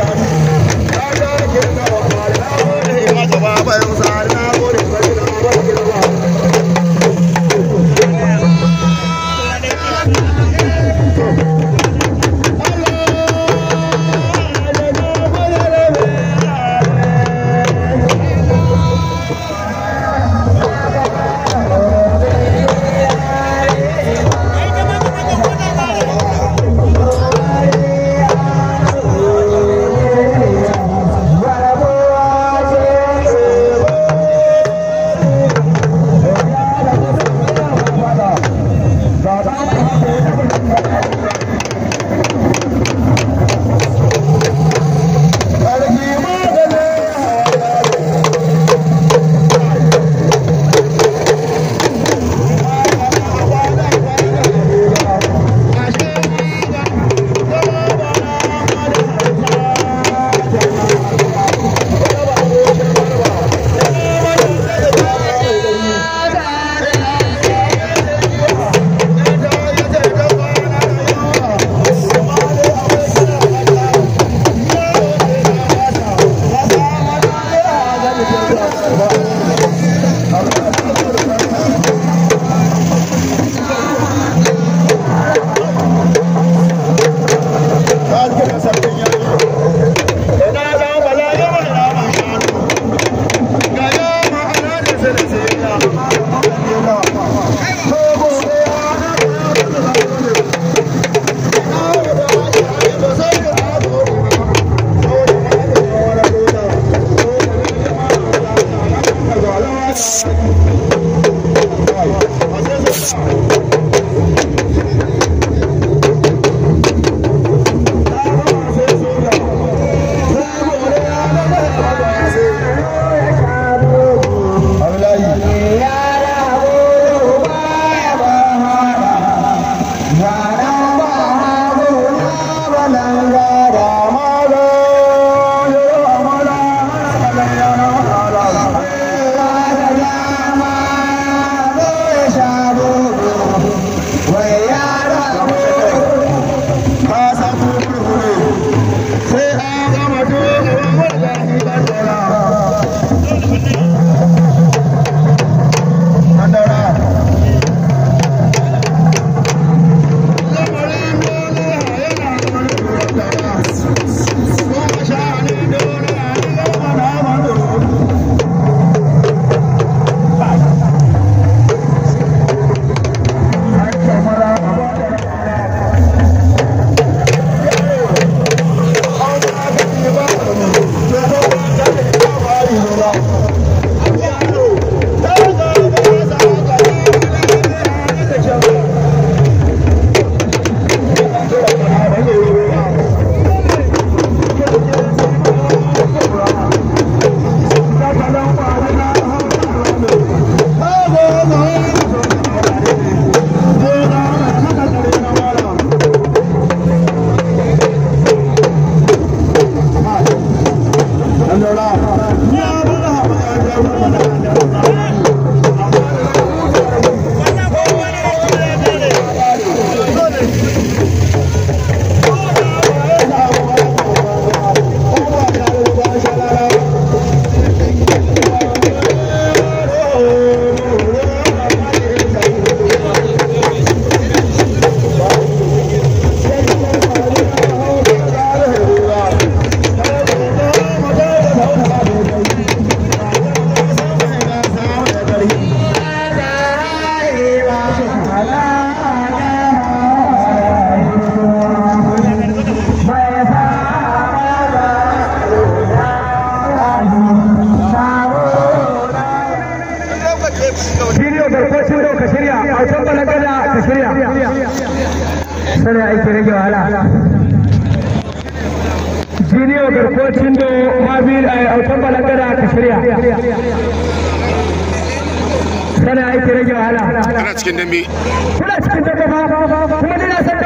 Thank you. garkocin da a rage wahala eh, a rage wahala kuma na san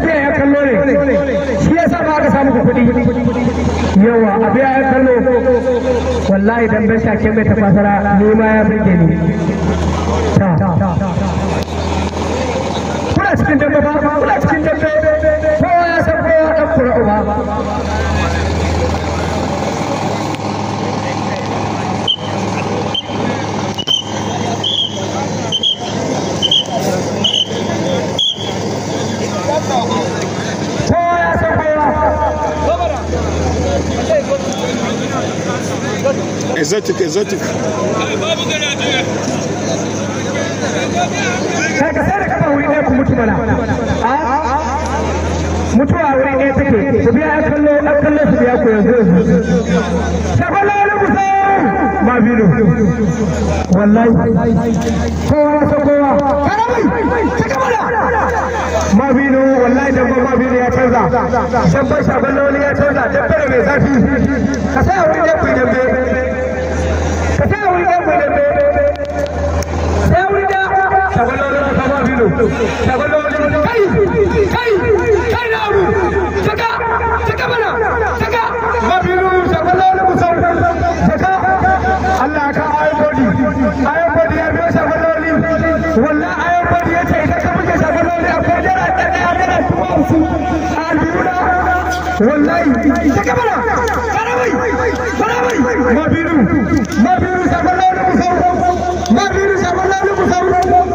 biya ya kallo ne shi yasa ba aka samu kuɗi Yau a biya ya kallo wallahi dambe shake mai tafasara ni ma ya burge cikin dambe ba kuna cikin dambe kowa ya san kowa dan kura uba exotic exotic ku mutu mana mutuwa wuri ɗaya take ku biya an kallo an kallo su biya ku yanzu yanzu shafalani musa ma bilo wallahi kowa kowa karamai ta ma bilo wallahi dabba ma bilo ya canza dabba shafalani ya canza dabba da mai zafi ka sa wuri ɗaya ku yi dambe ka sa wuri ɗaya ku yi dambe ɗaya ido da gwalba mutum kai kai kai na abu saka saka mana saka mabiru ya biyo sa gwalba wani wallah ayo bodi ya ce ita ka buge sa gwalba wani akwai jara ɗaɗɗaya jara tuwa a albiru na wallahi saka mana farawai farawai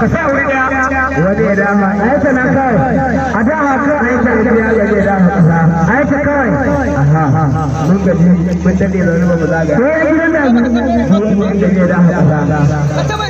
ka sa wuri daya waje na kai. a dama kawai ya waje aha mun mun da ba ko da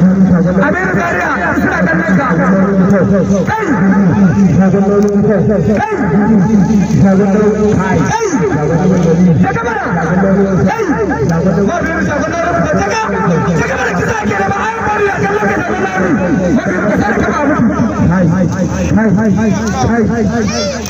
Aminu Zaria a yi bari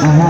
I uh-huh.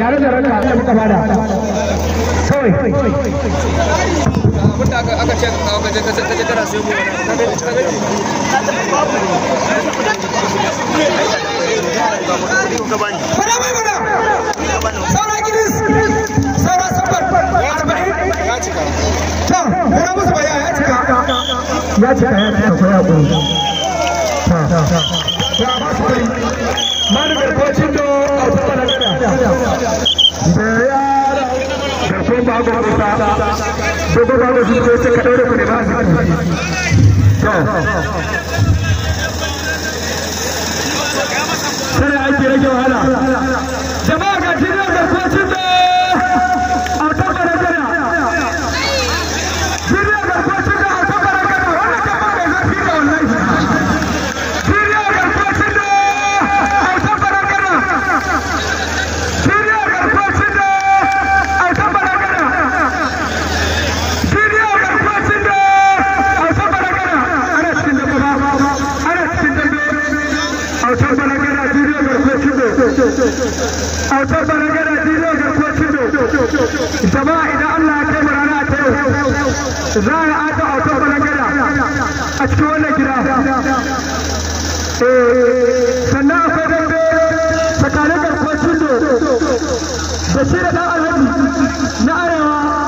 யாரும் தரங்க அந்த முட்ட வாடா சோய் முட்டாக அகச்ச அகச்ச கச்ச கச்ச கர சேவு बड़ा भाई बड़ा सौरा गिरीश सौरा सपर अच्छा dogo ba da zuciya sai ka rage wahala za a ata auto balangada a cikin wannan gida sannan akwai dambe tsakanin garkuwar cindo da shi da ɗan alhaji na arewa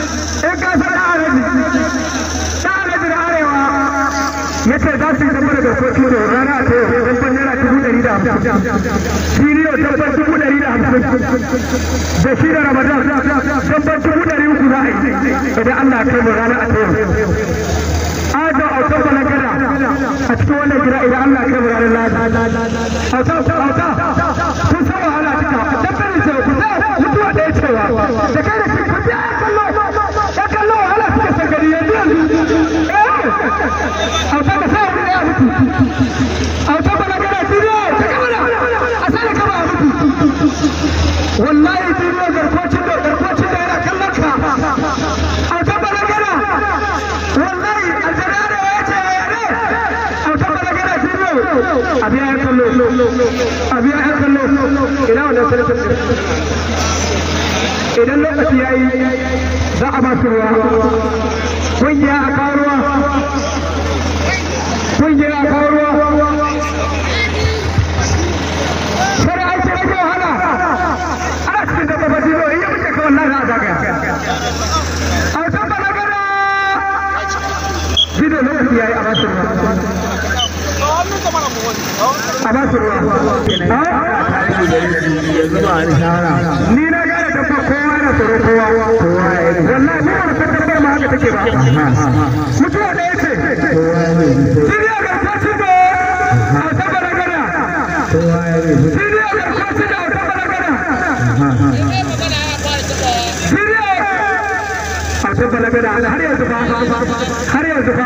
ce za su yi zama da garkoci ne rana ta yau naira dubu ɗari da hamsin dubu ɗari da hamsin da shi da ramadan dabban dubu ɗari uku za a yi idan allah mu rana a ta yau ajo a a cikin wannan gida idan allah mu rana a ina wannan sanatar idan lokaci ya yi za a ba su ruwa kungiya amma su ni na gane dabba kowa na tsoro kowa wallahi ni ba ta dabbar ma haka take ba mutuwa da yace siriya ga kwaci da asaba na gana siriya ga kwaci da asaba na gana asaba na gana har yanzu ba har yanzu ba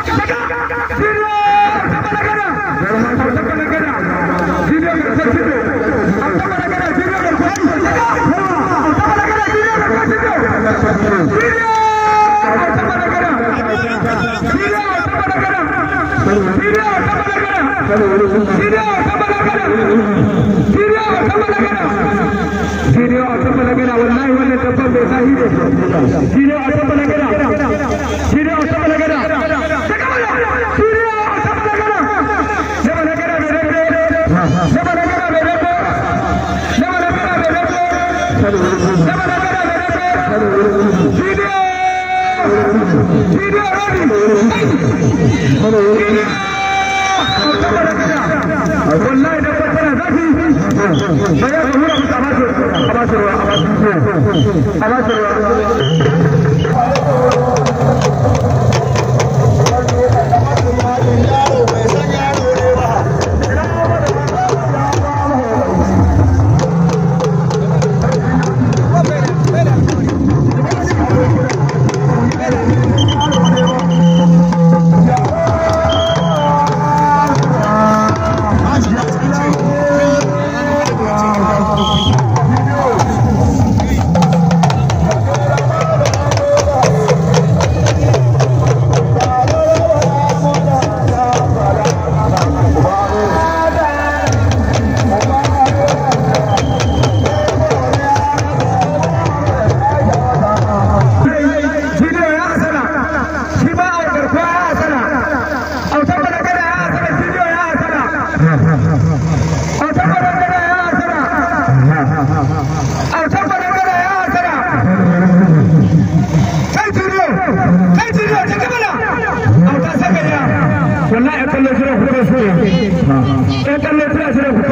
Jini a tabbata gana wallahi wallahi da kwakwara zafi bayan ruwa a basu ruwa a basu ruwa a basu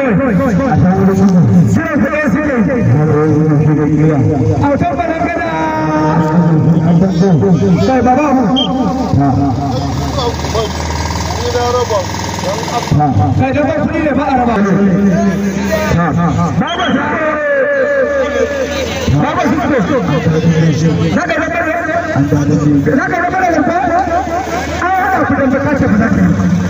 a ta wurin a